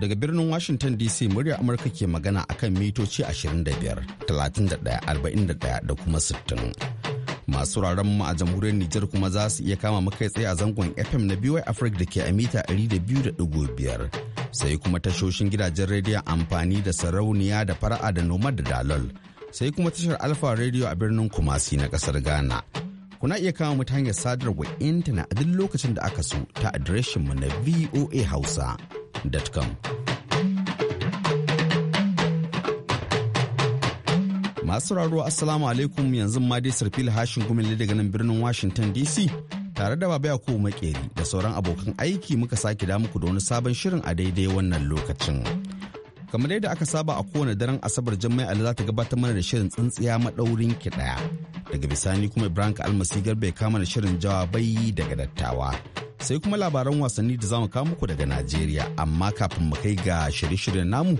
daga birnin Washington DC murya Amurka ke magana a kan mitoci 25, 31, 41 da kuma 60. Masu wuraren mu a jamhuriyar Nijar kuma za su iya kama makai tsaye a zangon FM na BY Africa da ke a mita 200.5. Sai kuma tashoshin gidajen rediyo amfani da sarauniya da fara'a da nomad da dalol. Sai kuma tashar Alfa rediyo a birnin Kumasi na kasar Ghana. Kuna iya kama mu ta hanyar sadarwa intanet a duk lokacin da aka so ta adireshinmu na voa hausa. hausa.com. Masu raro Assalamu alaikum yanzu ma dai sarfil hashin gumin daga nan birnin Washington DC tare da baba ko makeri da sauran abokan aiki muka sake da muku da wani sabon shirin a daidai wannan lokacin. Kamar da aka saba a kowane daren Asabar Jummai Ali za ta gabatar mana da shirin tsintsiya maɗaurin ki ɗaya. Daga bisani kuma Ibrahim Almasi Garba ya kama da shirin jawabai daga dattawa. sai kuma labaran wasanni da zamu kawo muku daga Najeriya amma kafin mu kai ga shirye-shiryen namu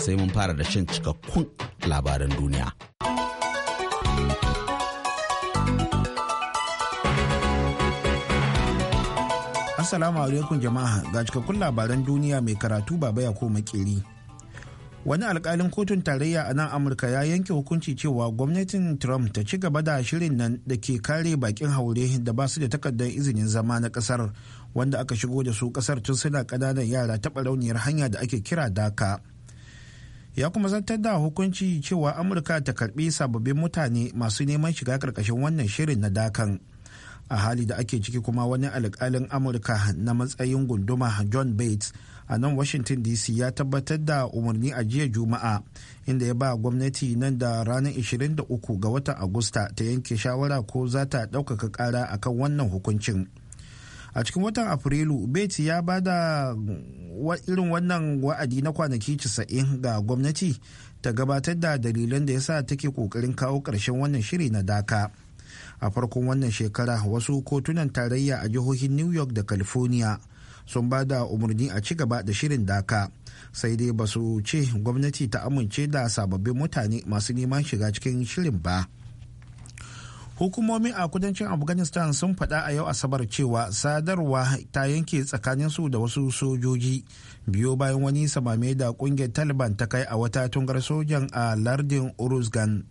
sai mun fara da shan cikakkun labaran duniya. Assalamu alaikum jama'a ga cikakkun labaran duniya mai karatu baba ya ko makeri. wani alkalin kotun tarayya a nan amurka ya yanke hukunci cewa gwamnatin trump ta ci gaba da shirin nan da ke kare bakin haure da ba su da takardar izinin zama na kasar wanda aka shigo da su kasar tun suna kananan yara taɓa rauniyar hanya da ake kira daka ya kuma zartar da hukunci cewa amurka ta karbi sababbin mutane masu neman shiga karkashin wannan shirin na dakan a hali da ake ciki kuma wani alkalin amurka na matsayin gunduma john bates a nan washington dc ya tabbatar da umarni a jiya juma'a inda ya ba gwamnati nan da ranar 23 ga watan agusta ta yanke shawara ko za ta ɗaukaka ƙara akan wannan hukuncin a cikin watan afrilu bates ya ba da irin wannan wa'adi na kwanaki 90 ga gwamnati ta gabatar da dalilan da ya sa take kokarin kawo karshen wannan shiri na daka a farkon wannan shekara wasu kotunan tarayya a jihohin new york da california sun ba da umarni a ci gaba da shirin daka sai dai ba su ce gwamnati ta amince da sababbin mutane masu neman shiga cikin shirin ba hukumomi a kudancin afghanistan sun faɗa a yau asabar cewa sadarwa ta yanke tsakanin su da wasu sojoji biyo bayan wani samame da kungiyar taliban ta kai a wata tungar sojan a lardin uruzgan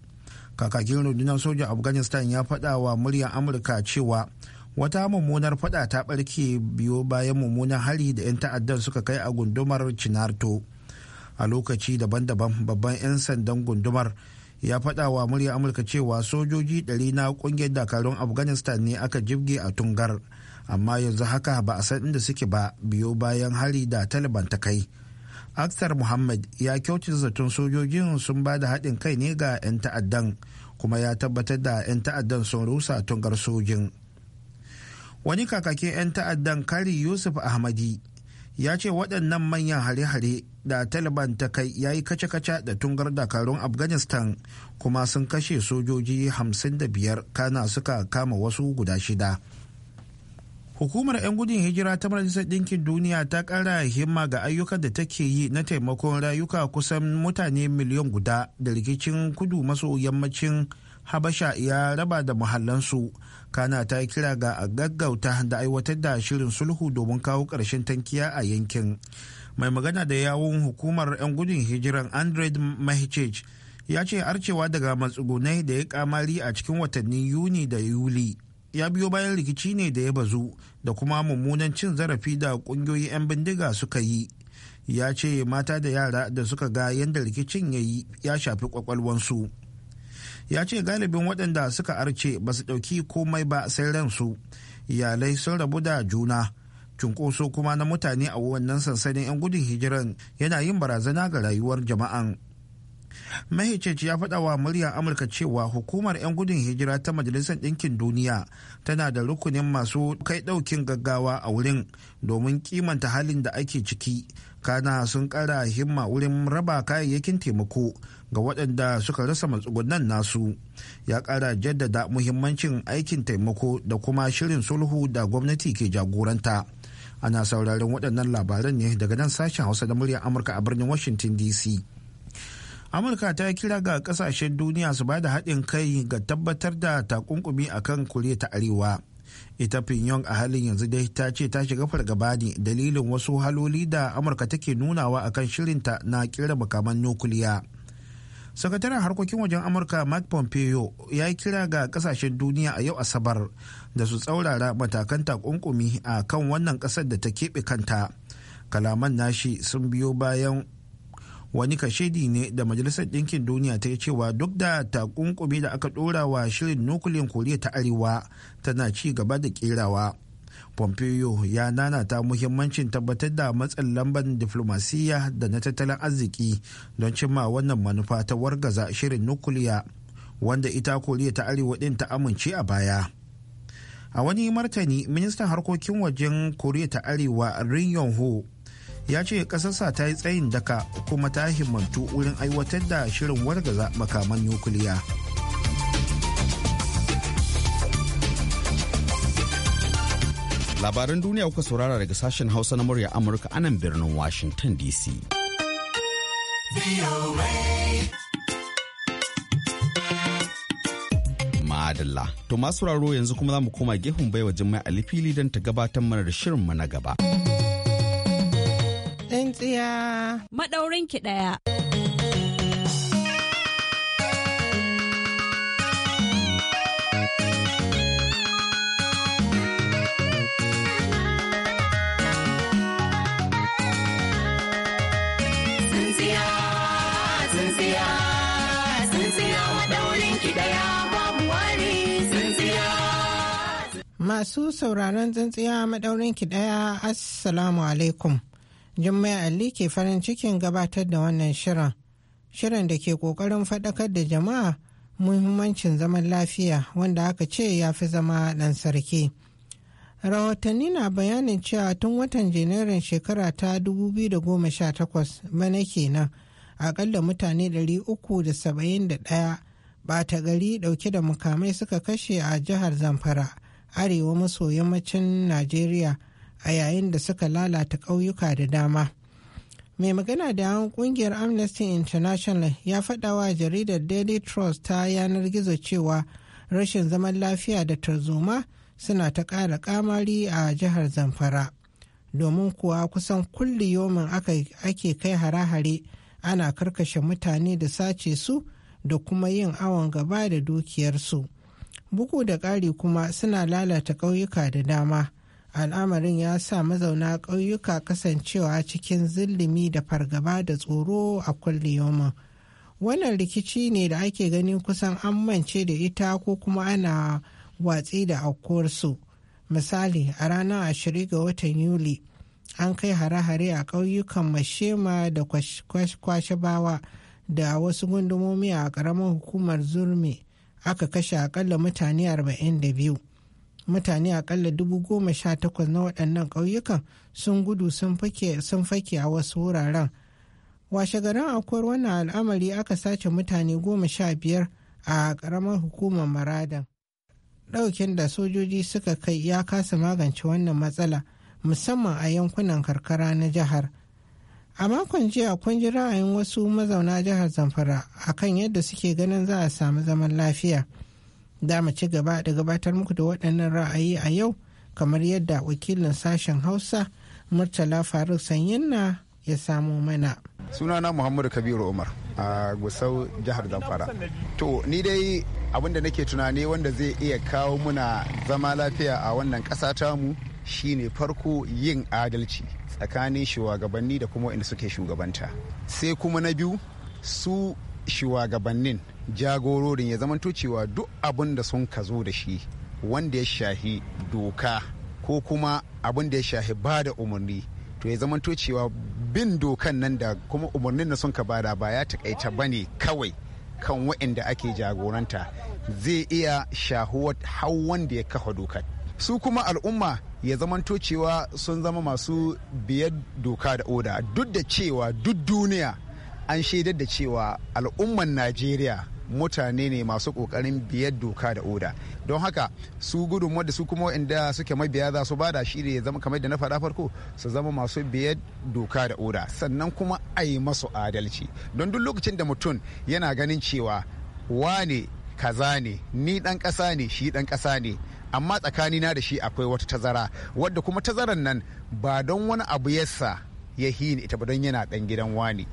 kakakin rundunar sojan afghanistan ya faɗa wa muryar amurka cewa wata mummunar fada ta barke biyo bayan mummunan hari da 'yan ta'addan suka kai a gundumar cinarto a lokaci daban-daban babban 'yan sandan gundumar ya fada wa murya amurka cewa sojoji 100 na kungiyar dakarun afghanistan ne aka jibge a tungar amma yanzu haka ba a san inda suke ba biyo bayan hari da taliban ta kai aksar muhammad ya kyauci zaton sojojin sun ba da haɗin kai ne ga 'yan ta'addan kuma ya tabbatar da 'yan ta'addan sun rusa tungar sojin wani kakakin 'yan ta'addan kari yusuf ahmadi ya ce waɗannan manyan hare-hare da taliban ta kai ya yi kace-kace da tungar dakarun afghanistan kuma sun kashe sojoji 55 kana suka kama wasu guda shida hukumar 'yan gudun hijira ta majalisar ɗinkin duniya ta ƙara himma ga ayyukan da take yi na taimakon rayuka kusan mutane miliyan guda da rikicin kudu maso yammacin habasha ya raba da muhallansu kana ta yi kira ga a gaggauta da aiwatar da shirin sulhu domin kawo ƙarshen tankiya a yankin mai magana da yawun hukumar 'yan gudun hijiran andred mahichich ya ce arcewa daga matsugunai da ya kamari a cikin watanni yuni da yuli ya biyo bayan rikici ne da ya bazu da kuma mummunan cin zarafi da ƙungiyoyin 'yan bindiga suka yi ya ce mata da yara da suka ga yadda rikicin ya yi ya shafi kwakwalwansu. ya ce galibin waɗanda suka arce ba su ɗauki komai ba sai ransu iyalai sun rabu da juna cunkoso kuma na mutane a wannan sansanin 'yan gudun hijiran yana yin barazana ga rayuwar jama'an mahaicaci ya faɗa wa muryar amurka cewa hukumar 'yan gudun hijira ta majalisar ɗinkin duniya tana da rukunin masu kai ɗaukin gaggawa a wurin domin kimanta halin da ake ciki kana sun ƙara himma wurin raba kayayyakin taimako ga waɗanda suka rasa matsugunan nasu ya ƙara jaddada muhimmancin aikin taimako da kuma shirin sulhu da gwamnati ke jagoranta ana sauraron waɗannan labaran ne daga nan sashen hausa da muryar amurka a birnin washington dc amurka ta kira ga kasashen duniya su ba da haɗin kai ga tabbatar da takunkumi akan kure ta arewa ita pyongyang a halin yanzu dai ta ce ta shiga fargaba ne dalilin wasu haloli da amurka take nunawa akan shirinta na kira makaman nukuliya sakataren harkokin wajen amurka mike pompeo ya yi kira ga kasashen duniya a yau asabar da su tsaurara matakan takunkumi a kan wannan kasar da ta keɓe kanta kalaman nashi sun biyo bayan wani kashedi ne da majalisar ɗinkin duniya ta yi cewa duk da takunkumi da aka ɗora wa shirin nukuliyar koriya ta arewa tana ci gaba da ƙerawa pompeo ya nanata muhimmancin tabbatar da matsin lamban diflomasiyya da na tattalin arziki don cimma wannan manufa ta wargaza shirin nukuliya wanda ita koriya ta arewa din ta amince a baya a wani martani ministan harkokin wajen koriya ta arewa rin yong ho ya ce kasarsa ta yi tsayin daka kuma ta himmantu wurin aiwatar da shirin wargaza makaman nukuliya. labaran duniya kuka saurara daga sashen hausa na murya amurka anan birnin washington dc madalla to masu raro yanzu kuma za mu koma gefen baiwa jimai alifili don ta gabatar mana da shirinmu na gaba. Ɗan Maɗaurinki ɗaya. Masu sauraron tsintsiya maɗaurin ki ɗaya Assalamu alaikum. Jummai Ali ke farin cikin gabatar da wannan shirin. Shirin da ke ƙoƙarin faɗakar da jama'a muhimmancin zaman lafiya wanda aka ce ya fi zama ɗan sarki. rahotanni na bayanin cewa tun watan janairun shekara ta 2018 bana kenan akalla mutane 371 bata gari ɗauke da mukamai suka kashe a jihar zamfara arewa maso yammacin najeriya a yayin da suka lalata ƙauyuka da dama mai magana da yawon kungiyar amnesty international ya faɗa jaridar daily trust ta yanar gizo cewa rashin zaman lafiya da tarzoma suna ta ƙara ƙamari a jihar zamfara domin kuwa kusan kulli yomin ake kai hare-hare ana karkashe mutane da sace su da kuma yin awon gaba da dukiyarsu bugu da ƙari kuma suna lalata ƙauyuka da dama al'amarin ya sa mazauna ƙauyuka kasancewa cikin zillimi da fargaba da tsoro a kulle wannan rikici ne da ake ganin kusan an mance da ita ko kuma ana watsi da aukuwarsu misali a ranar ashirin ga watan yuli an kai hare-hare a ƙauyukan mashema da kwashebawa da wasu gundumomi a ƙaramin hukumar zurmi aka kashe akalla mutane 42 mutane akalla takwas na waɗannan ƙauyukan sun gudu sun fake a wasu wuraren washe garin akwai wannan al'amari aka sace mutane goma sha biyar a ƙaramar hukumar maradan ɗaukin da sojoji suka kai ya kasa magance wannan matsala musamman a yankunan karkara na jihar. a makon jiya kun ji ra'ayin wasu mazauna jihar zamfara akan yadda suke ganin za a samu zaman lafiya da mu ci gaba da gabatar muku da waɗannan ra'ayi a yau kamar yadda wakilin sashen hausa murtala faruk sanyinna ya samo mana sunana muhammadu kabiru umar a gusau jihar zamfara to ni dai abinda nake tunani wanda zai iya kawo muna zama lafiya a wannan ƙasa tamu shine farko yin adalci tsakanin shugabanni da kuma inda suke shugabanta sai kuma na biyu su shugabannin jagororin ya zamanto cewa duk abin da sun ka zo da shi wanda ya shahi doka ko kuma abin da ya shahi ba da umarni to ya zamanto cewa bin dokan nan da kuma umarnin da sun ka bada ba ya takaita ne kawai kan waɗanda ake jagoranta zai iya shahuwar wanda ya kafa dokar su kuma al'umma ya zamanto cewa sun zama masu biyar doka da oda duk da cewa duk duniya an shaidar da cewa al'umman najeriya mutane ne masu kokarin biyar doka da oda don haka su gudun wadda su kuma inda suke mabiya za su bada shi ne zama kamar da na faɗa farko su zama masu biyar doka da oda sannan kuma a yi masu adalci don duk lokacin da mutum yana ganin cewa wane kaza ne ni dan ƙasa ne shi ɗan ƙasa ne amma na da shi akwai wata tazara wadda kuma tazaran nan ba don wani abu yasa ya hini ita ba don yana dan gidan wani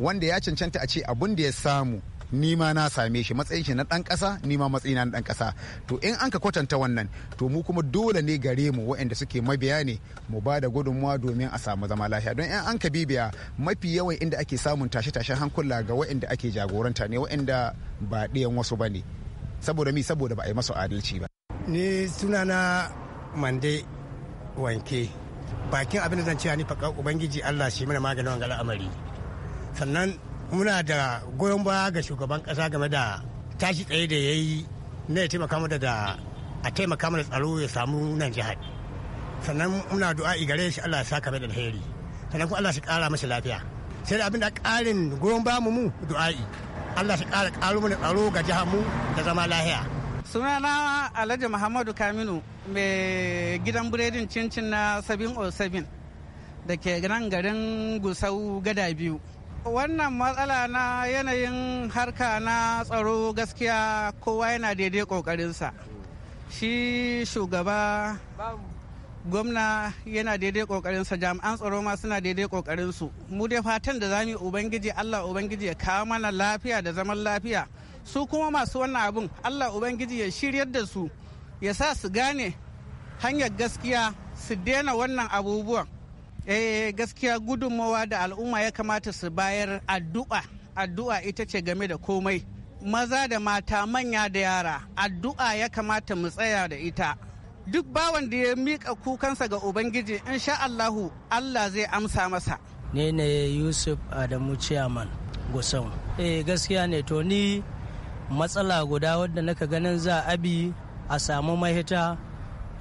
wanda ya cancanta a ce abun da ya samu ni ma na same shi matsayin shi na dan kasa ni ma matsayina na dan kasa to in an ka kwatanta wannan to mu kuma dole ne gare mu waɗanda suke mabiya ne mu ba da gudunmuwa domin a samu zama lafiya don in an ka bibiya mafi yawan inda ake samun tashe-tashen hankula ga waɗanda ake jagoranta ne waɗanda ba ɗiyan wasu ba ne saboda mi saboda ba a yi masu adalci ba ni sunana mande wanke bakin abin da zan cewa ni faka ubangiji allah shi mana maganin wangala amari sannan muna da goyon baya ga shugaban ƙasa game da tashi tsaye da ya yi na ya taimaka mana da a taimaka mana tsaro ya samu nan jihar sannan muna du'a gare shi allah ya saka mai da alheri sannan kuma allah shi ƙara masa lafiya sai da abin da ƙarin goyon ba mu mu du'a'i allah shi ƙara ƙaro mana tsaro ga jihar mu da zama lahiya Suna na alhaji muhammadu kaminu mai gidan buredin cincin na sabin o oh sabin da ke nan garin gusau gada biyu wannan matsala na yanayin harka na tsaro gaskiya kowa yana daidai ƙoƙarinsa. shi shugaba gwamna yana daidai ƙoƙarinsa, jami'an tsaro ma suna daidai ƙoƙarinsu. mu dai fatan da za mu ubangiji allah ubangiji ya kawo mana lafiya da zaman lafiya su kuma masu wannan abin allah ubangiji ya shiryar da su ya sa su gane hanyar gaskiya su daina wannan abubuwan eh, gaskiya gudunmawa da al'umma ya kamata su bayar addu'a addu'a ita ce game da komai maza da mata manya da yara addu'a ya kamata mu tsaya da ita duk bawan da ya miƙa kukansa ga ubangiji insha allahu allah zai amsa masa ne ne yusuf adamu ciyaman gusau eh gaskiya ne to ni matsala guda wadda naka ganin za abi a samu mahita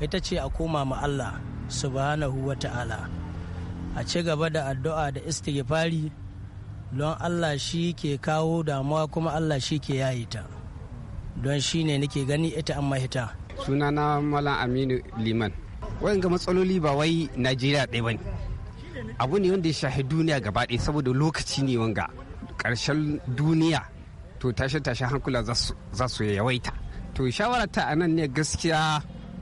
ita ce a koma ma Allah subhanahu wa ta'ala a ci gaba da addu'a da istighfari don Allah shi ke kawo damuwa kuma Allah shi ke yayi ta don shi ne nake gani ita an mahita suna na malam aminu liman wayan ga matsaloli ba wai najeriya ɗaya ba abu ne wanda ya shahi duniya gaba saboda lokaci ne wanga ƙarshen duniya to tashe-tashen hankula za su yawaita to shawararta a nan ne gaskiya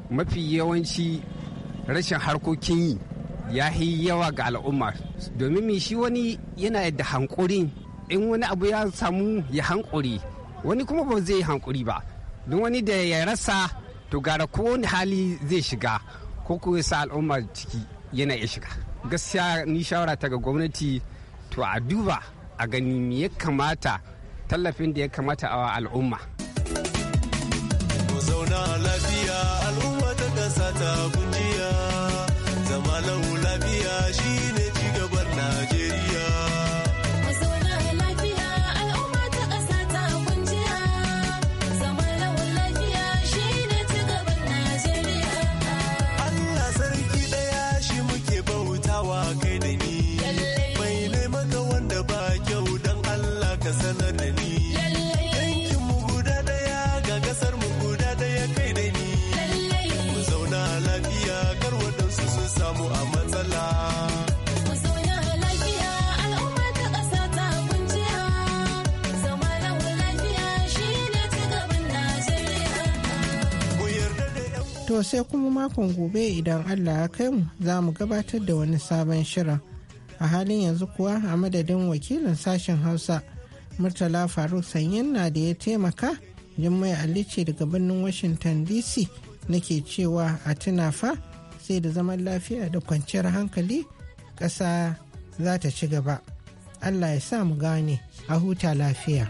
mafi yawanci rashin harkokin yi ya yi yawa ga al'umma domin shi wani yana da hankuri in wani abu ya samu ya hankuri wani kuma ba zai yi hankuri ba don wani da ya rasa to gara ko hali zai shiga ko ko sa al'umma ciki yana ya shiga gaskiya ni shawara ta ga gwamnati to a duba a gani me ya kamata tallafin da ya kamata a al'umma To sai kuma makon gobe idan Allah ya kai mu za mu gabatar da wani sabon shirin. A halin yanzu kuwa a madadin wakilin sashen Hausa Murtala Faruk Sanyin na da ya taimaka Jummai Ali ce daga birnin Washington DC nake cewa a tuna fa sai da zaman lafiya da kwanciyar hankali ƙasa za ta ci gaba. Allah ya sa mu gane a huta lafiya.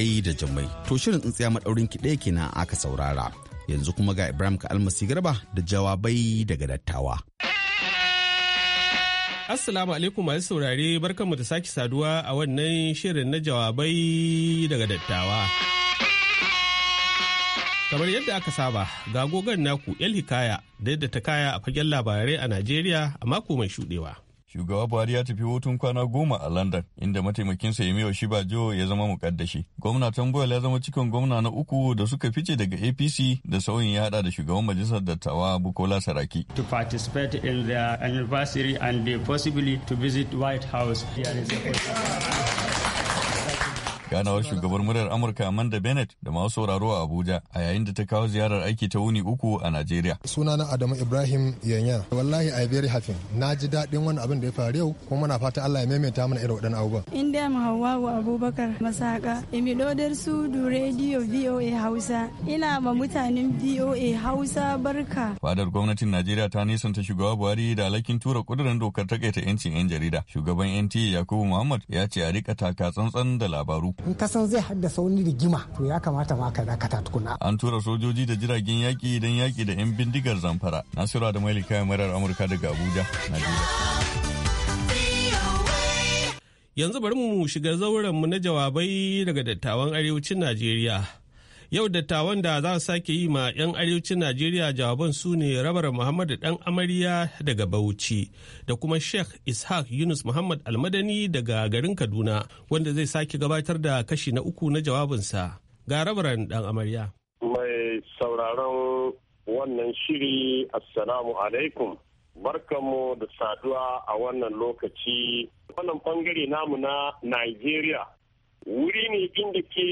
gai da jamai to shirin tsintsiya maɗaurin ki ɗaya kenan aka saurara yanzu kuma ga ibrahim ka almasi garba da jawabai daga dattawa assalamu alaikum masu saurare barkanmu da sake saduwa a wannan shirin na jawabai daga dattawa kamar yadda aka saba ga gogon naku el hikaya da yadda ta kaya a fagen labarai a najeriya a mako mai shudewa shugaba buhari ya tafi hutun kwana goma a london inda mataimakinsa ba joe ya zama mukaddashi gwamna tambuwal ya zama cikin gwamna na uku da suka fice daga apc da sauyin ya hada da shugaban majalisar dattawa bukola saraki to participate in their anniversary and the possibly to visit white house ganawar shugabar muryar amurka amanda bennett da masu sauraro a abuja a yayin da ta kawo ziyarar aiki ta wuni uku a najeriya na adamu ibrahim yanya wallahi i very happy na ji daɗin wani abin da ya faru yau kuma muna fata allah ya maimaita mana irin waɗannan abubuwan inda mu hawawu abubakar masaka su sudu rediyo voa hausa ina ma mutanen voa hausa barka fadar gwamnatin najeriya ta nisanta shugaba buhari da alakin tura kudirin dokar takaita yancin yan jarida shugaban nta yakubu muhammad ya ce a rika taka tsantsan da labaru in ka san zai haddasa wani rigima to ya kamata ma ka dakata tukuna an tura sojoji da jiragen yaƙi don yaki da yan bindigar zamfara nasiru da malika marar amurka daga abuja najeriya yanzu bari mu shiga zauren mu na jawabai daga dattawan arewacin najeriya yau dattawan da za su sake yi ma 'yan arewacin najeriya jawaban su ne rabar muhammadu dan amarya daga bauchi da kuma sheikh ishaq yunus muhammad almadani daga garin kaduna wanda zai sake gabatar da kashi na uku na jawabinsa ga rabaran dan amarya mai sauraron wannan shiri assalamu alaikum barkamu da saduwa a wannan lokaci wannan bangare namu na nigeria wuri ne inda ke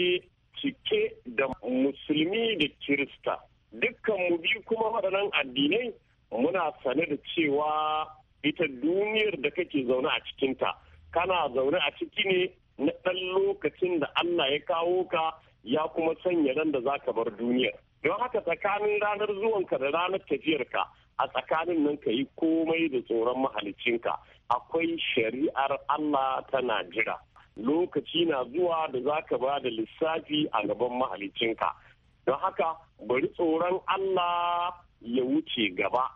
cike da musulmi da kirista dukkan mu biyu kuma waɗannan addinai muna sane da cewa ita duniyar da kake zaune a cikinta kana zaune a ciki ne na ɗan lokacin da Allah ya kawo ka ya kuma sanya nan da za ka bar duniyar don haka tsakanin ranar zuwanka da ranar tafiyar ka a tsakanin nan ka yi komai da tsoron mahalicinka akwai shari'ar Allah tana jira lokaci na zuwa da za ka ba da lissafi a gaban mahalicinka don haka bari tsoron Allah ya wuce gaba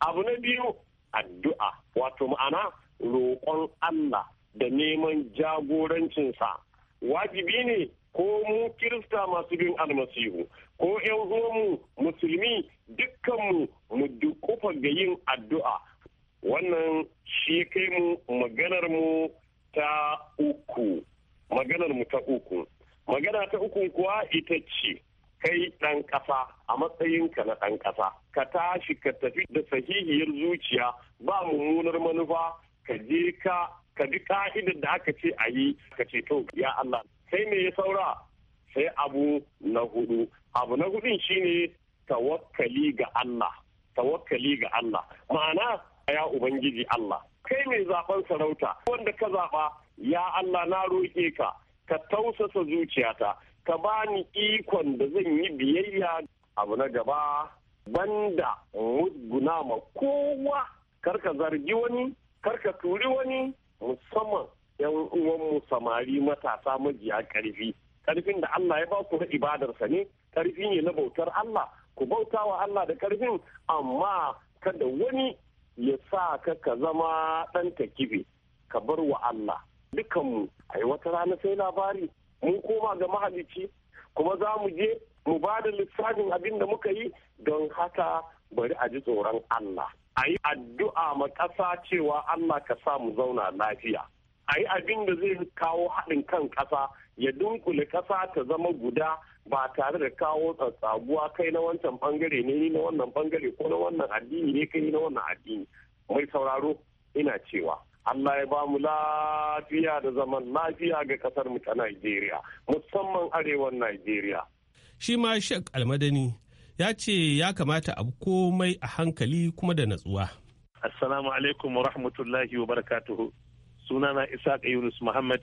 abu na biyu addu'a wato ma'ana roƙon Allah da neman jagorancinsa wajibi ne ko mu kirista masu bin almasihu ko yan uwanmu musulmi dukkanmu mu dukufa ga yin addu'a wannan shi kai mu maganar mu ta uku maganar mu ta uku magana ta uku kuwa ita ce kai ɗan ƙasa a matsayinka na ɗan ƙasa ka tashi ka tafi da sahihiyar zuciya ba mummunar manufa ka je ka ka bi ka'idar da aka ce a yi ka ce to ya Allah sai me ya saura sai abu na hudu abu na hudun shine tawakkali ga Allah tawakkali ga Allah ma'ana ya ubangiji Allah kai mai zaben sarauta wanda ka zaba ya Allah na roƙe ka ka tausasa zuciyata ka bani ikon da zan yi biyayya abu na gaba banda muguna ma kowa karka zargi wani karka turi wani musamman yan uwanmu samari matasa majiya karfi karfin da Allah ya ba ku na ibadarsa ne karfi ne na bautar Allah ku bauta wa Allah da karfin amma kada wani ya sa ka ka zama ɗan kibe ka bar wa Allah dukanmu ai wata rana sai labari mun koma ga mahalicci kuma za mu je mu ba da lissafin abin da muka yi don haka bari a ji tsoron Allah a yi addu'a ma ƙasa cewa Allah ka sa mu zauna lafiya a yi abin da zai kawo haɗin kan ƙasa ya dunkule ƙasa ta zama guda ba tare da kawo tsatsaguwa kai na wancan bangare ne na wannan bangare ko na wannan addini ne kai na wannan addini mai sauraro ina cewa Allah ya ba mu lafiya da zaman lafiya ga kasar mu ta Najeriya musamman arewan Najeriya shi ma shek Almadani ya ce ya kamata abu komai a hankali kuma da natsuwa Assalamu alaikum wa rahmatullahi wa barakatuhu sunana Isaac Yunus Muhammad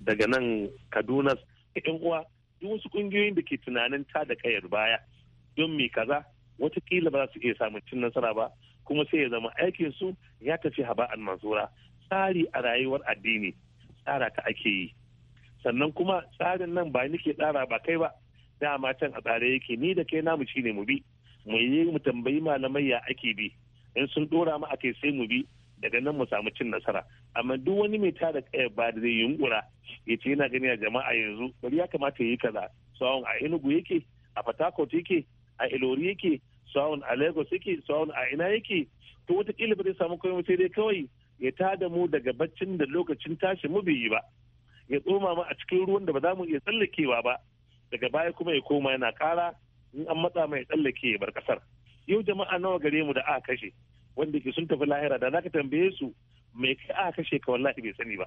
daga nan Kaduna yan uwa duk wasu kungiyoyin da ke tunanin ta da kayar baya don me kaza watakila ba za su iya samun cin nasara ba kuma sai ya zama aikin su ya tafi haba'an mansura tsari a rayuwar addini tsara ta ake yi sannan kuma tsarin nan ba nake tsara ba kai ba dama can a tsare yake ni da kai namu shine mu bi mu yi mu tambayi malamai ya ake bi in sun dora mu akai sai mu bi daga nan mu samu cin nasara amma duk wani mai tada kaya ba da zai yunkura ya ce yana gani a jama'a yanzu bari ya kamata ya yi kaza sawun a enugu yake a fatakot yake a ilori yake sawun a lagos yake sawun a ina yake to wata ba zai samu kawai sai dai kawai ya tada mu daga baccin da lokacin tashi mu bai yi ba ya tsoma mu a cikin ruwan da ba za mu iya tsallakewa ba daga baya kuma ya koma yana kara in an matsa mai tsallake ya bar kasar yau jama'a nawa gare mu da aka kashe wanda ke sun tafi lahira da ka tambaye su me aka kashe ka wallahi bai sani ba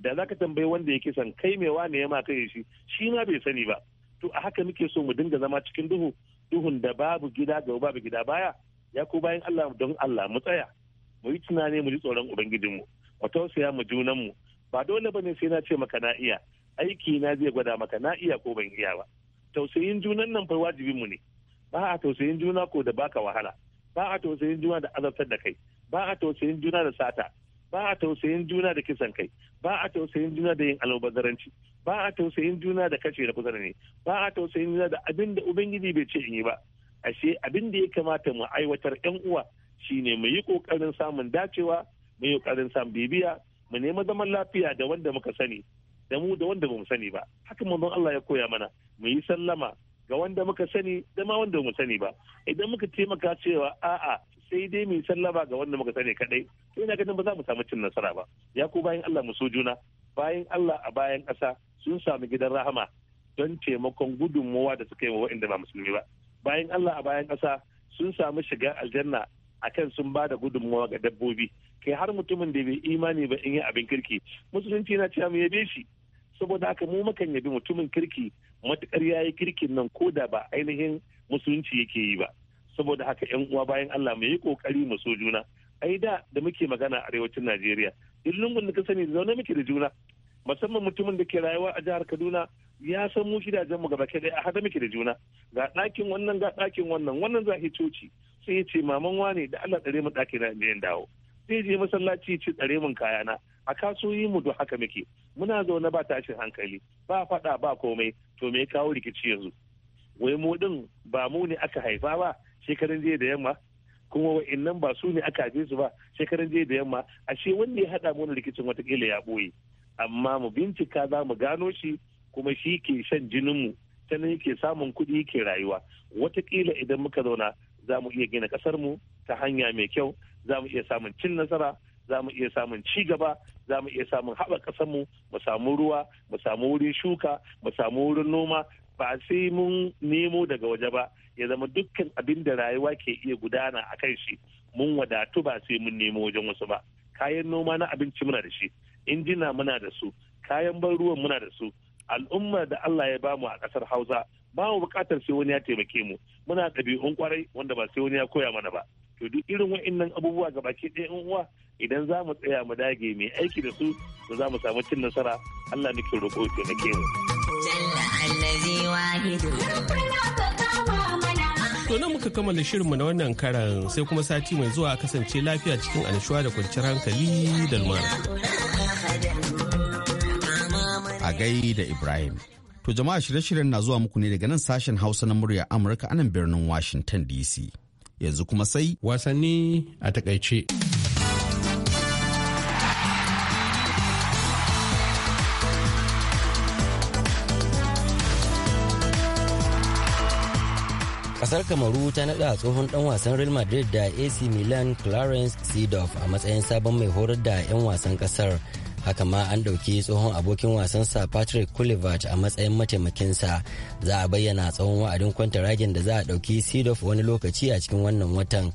da zaka tambayi wanda ya son kai me wane ya ma kai shi shi ma bai sani ba to a haka muke so mu dinga zama cikin duhu duhun da babu gida ga babu gida baya ya ko bayan Allah don Allah mu tsaya mu yi tunani mu ji tsoron ubangijin mu tausaya mu junan mu. ba dole bane sai na ce maka na iya aiki na zai gwada maka na iya ko ban iya ba tausayin junan nan fa wajibin mu ne ba a tausayin juna ko da baka wahala ba a tausayin juna da azabtar da kai ba a tausayin juna da sata ba a tausayin juna da kisan kai ba a tausayin juna da yin almubazzaranci ba a tausayin juna da kashe da kusa ne ba a tausayin juna da abin da ubangiji bai ce in yi ba ashe abin da ya kamata mu aiwatar yan uwa shine mu yi kokarin samun dacewa mu yi kokarin samun bibiya mu nema zaman lafiya da wanda muka sani da mu da wanda bamu sani ba haka manzon Allah ya koya mana mu yi sallama ga wanda muka sani da ma wanda bamu sani ba idan muka taimaka cewa a'a sai dai mu sallama ga wanda muka sani kadai to ina ganin ba za mu samu cin nasara ba ya ku bayan Allah mu so juna bayan Allah a bayan ƙasa sun samu gidan rahama don taimakon gudunmowa da suka yi wa waɗanda ba musulmi ba bayan Allah a bayan ƙasa sun samu shiga aljanna akan sun ba da gudunmowa ga dabbobi kai har mutumin da bai imani ba in yi abin kirki musulunci na cewa mu yabe shi saboda haka mu mukan yabi mutumin kirki matukar yayi kirkin nan ko da ba ainihin musulunci yake yi ba saboda haka yan uwa bayan Allah mu yi kokari mu so juna ai da da muke magana a arewacin Najeriya duk lungun da ka sani zaune muke da juna musamman mutumin da ke rayuwa a jihar Kaduna ya san mu gidajen mu gaba ɗaya a hada muke da juna ga ɗakin wannan ga ɗakin wannan wannan za a coci sai ya ce maman wane da Allah tsare mu ɗakin na in dawo sai je masallaci ci tsare mun kayana a kasuwoyi mu do haka muke muna zaune ba tashin hankali ba fada ba komai to me kawo rikici yanzu wai mu din ba mu ne aka haifa ba shekaran jiya da yamma kuma wa'annan ba su ne aka haife su ba shekaran jiya da yamma ashe wanda ya haɗa mana rikicin watakila ya ɓoye amma mu bincika za mu gano shi kuma shi ke shan jininmu ta nan yake samun kuɗi ke rayuwa watakila idan muka zauna za mu iya gina ƙasar mu ta hanya mai kyau za mu iya samun cin nasara za mu iya samun ci gaba za mu iya samun haɓa mu mu samu ruwa mu samu wurin shuka mu samu wurin noma ba sai mun nemo daga waje ba ya zama dukkan abin da rayuwa ke iya gudana a kan shi mun wadatu ba sai mun nemo wajen wasu ba kayan noma na abinci muna da shi injina muna da su kayan ban ruwan muna da su al'umma da Allah ya bamu a kasar Hausa ba mu bukatar sai wani ya taimake mu muna ɗabi'un kwarai wanda ba sai wani ya koya mana ba to duk irin wa'annan abubuwa ga baki ɗaya uwa idan za mu tsaya mu dage mai aiki da su to za mu samu cin nasara Allah nake roƙo taimake mu. Jalla Allah zai wahidu. To nan muka kammala shirinmu na wannan karan sai kuma sati mai zuwa kasance lafiya cikin annashuwa da kwanciyar hankali da lumana. A gai da Ibrahim. To jama'a shirye-shiryen na zuwa muku ne daga nan sashen Hausa na murya Amurka anan birnin Washington DC. Yanzu kuma sai wasanni a takaice. kasar kamaru ta naɗa tsohon ɗan wasan real madrid da ac milan clarence seedorf a matsayin sabon mai horar da 'yan wasan kasar haka ma an ɗauki tsohon abokin wasansa patrick kulivert a matsayin mataimakinsa za a bayyana tsohon wa'adin kwantaragin da za a ɗauki seedorf wani lokaci a cikin wannan watan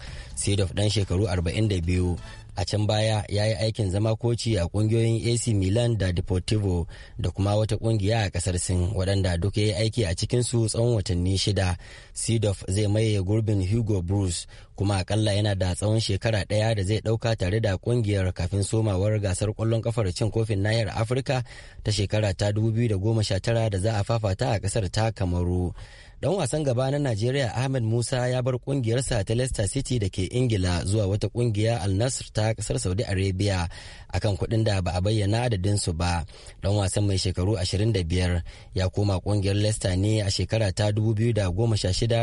seedorf dan shekaru 42 a can baya ya yi aikin zama koci a kungiyoyin ac milan da deportivo da kuma wata kungiya a kasar sin waɗanda duk ya yi aiki a cikinsu tsawon watanni shida sidof zai maye gurbin hugo bruce kuma akalla yana da tsawon shekara ɗaya da zai ɗauka tare da kungiyar kafin somawar gasar kwallon kafar cin kofin nayar afirka ta shekara ta 2019 da za a fafata a kasar ta kamaru Dan wasan gaba na Najeriya Ahmed Musa ya bar kungiyarsa ta Leicester City da ke Ingila zuwa wata kungiya Al Nassr ta kasar Saudi Arabia akan kuɗin da ba a bayyana adadin su ba. Dan wasan mai shekaru 25 ya koma kungiyar Leicester ne a shekara ta 2016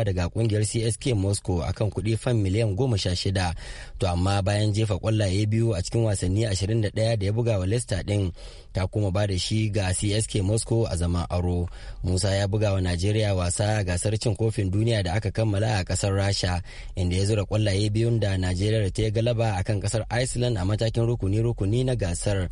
daga kungiyar CSK Moscow akan kuɗi fan miliyan 16. To amma bayan jefa kwallaye biyu a cikin wasanni 21 da ya buga wa Leicester din ta kuma ba da shi ga CSK Moscow a zama aro. Musa ya buga wa Najeriya wasa gasar cin kofin duniya da aka kammala a kasar Rasha inda ya zura kwallaye biyun da Najeriya ta galaba a kan kasar Iceland a matakin rukuni-rukuni na gasar.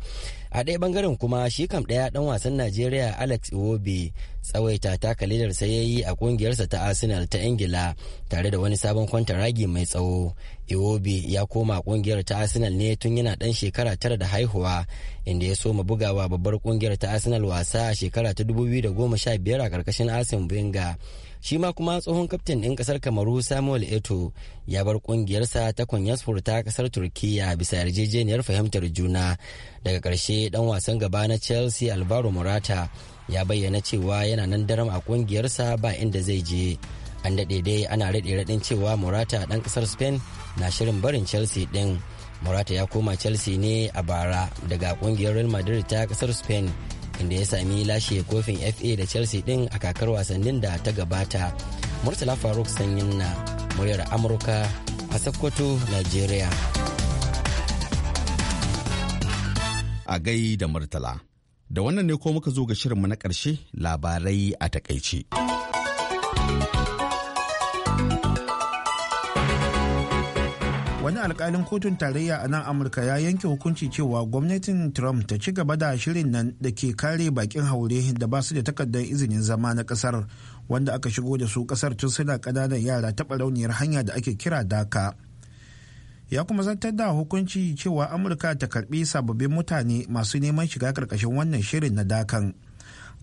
a ɗaya bangaren kuma shi kam ɗaya dan wasan najeriya alex iwobi tsawaita taka lidar sayayi a ƙungiyarsa ta arsenal ta ingila tare da wani sabon kwanta ragi mai tsawo iwobi ya koma ƙungiyar ta arsenal ne tun yana ɗan shekara tara da haihuwa inda ya soma bugawa babbar ƙungiyar ta arsenal wasa a shekara ta 2015 a ƙarƙashin arsene wenger shi ma kuma tsohon kaftin ɗin ƙasar kamaru samuel eto ya bar ƙungiyarsa ta kwanyasfur ta ƙasar turkiya bisa yarjejeniyar fahimtar juna daga ƙarshe ɗan wasan gaba na chelsea alvaro morata ya bayyana cewa yana nan daram a ƙungiyarsa ba inda zai je an daɗe dai ana raɗe raɗin cewa morata ɗan ƙasar spain na shirin barin chelsea ɗin morata ya koma chelsea ne a bara daga ƙungiyar real madrid ta ƙasar spain inda ya sami lashe kofin fa da chelsea din a kakar wasannin da ta gabata murtala faruk sanyin na muryar amurka a sokoto nigeria a gai da murtala da wannan ne ko muka zo ga shirinmu na ƙarshe labarai a takaice. wani alkalin kotun tarayya a nan amurka ya yanke hukunci cewa gwamnatin trump ta ci gaba da shirin nan da ke kare bakin haure da ba su da takardar izinin zama na kasar wanda aka shigo da su kasar tun suna kananan yara ta rauniyar hanya da ake kira daka ya kuma zartar da hukunci cewa amurka ta karbi sababbin mutane masu neman shiga karkashin wannan shirin na dakan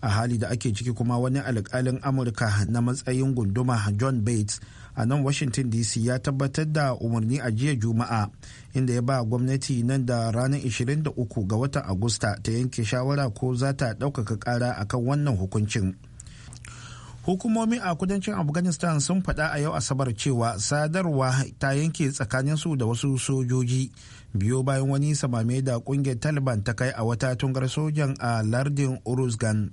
a hali da ake ciki kuma wani alkalin amurka na matsayin gunduma john bates a nan washington dc ya tabbatar da umarni a jiya juma'a inda ya ba gwamnati nan da ranar 23 ga watan agusta ta yanke shawara ko za ta ɗaukaka ƙara akan wannan hukuncin hukumomi a kudancin afghanistan sun faɗa a yau asabar cewa sadarwa ta yanke tsakanin su da wasu sojoji biyo bayan wani samame da kungiyar taliban ta kai a wata tungar sojan a lardin uruzgan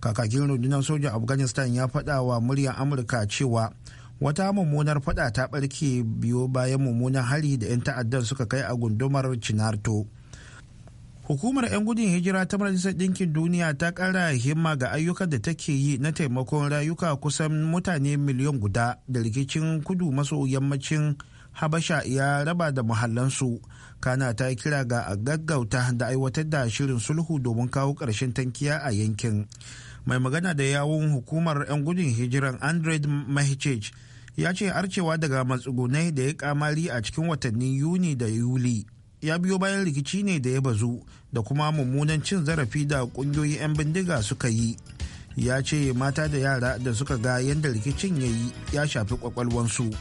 kakakin rundunar sojan afghanistan ya faɗa wa muryar amurka cewa wata mummunar fada ta barke biyo bayan mummunan hari da 'yan ta'addan suka kai a gundumar cinarto hukumar 'yan gudun hijira ta majalisar ɗinkin duniya ta kara himma ga ayyukan da take yi na taimakon rayuka kusan mutane miliyan guda da rikicin kudu maso yammacin habasha ya raba da muhallansu kana ta yi kira ga a gaggauta da aiwatar da shirin sulhu domin kawo ƙarshen tankiya a yankin mai magana da yawun hukumar 'yan gudun hijiran andred mahichich ya ce arcewa daga matsugunai da ya kamari a cikin watanni yuni da yuli ya biyo bayan rikici ne da ya bazu da kuma mummunan cin zarafi da kungiyoyin 'yan bindiga suka yi ya ce mata da yara da suka ga yadda rikicin ya yi ya shafi kwakwalwansu.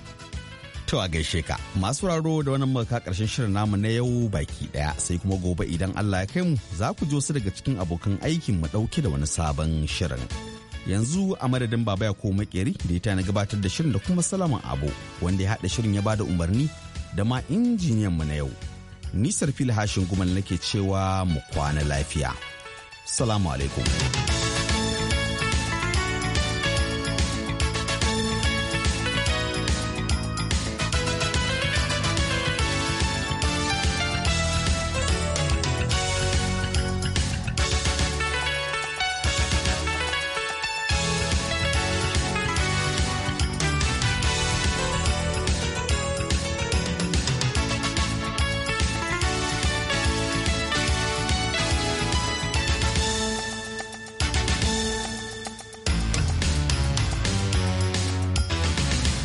To a gaishe ka masu raro da wannan muka karshen shirin namu na yau baki daya sai kuma gobe idan Allah ya kai mu za ku ji wasu daga cikin abokan aikin mu dauke da wani sabon shirin. Yanzu a madadin baba ya koma makeri da ita na gabatar da shirin da kuma salaman abu wanda ya haɗa shirin ya bada umarni da ma injiniyan mu na yau. Nisar fil hashin gumal nake cewa mu kwana lafiya. Salamu alaikum.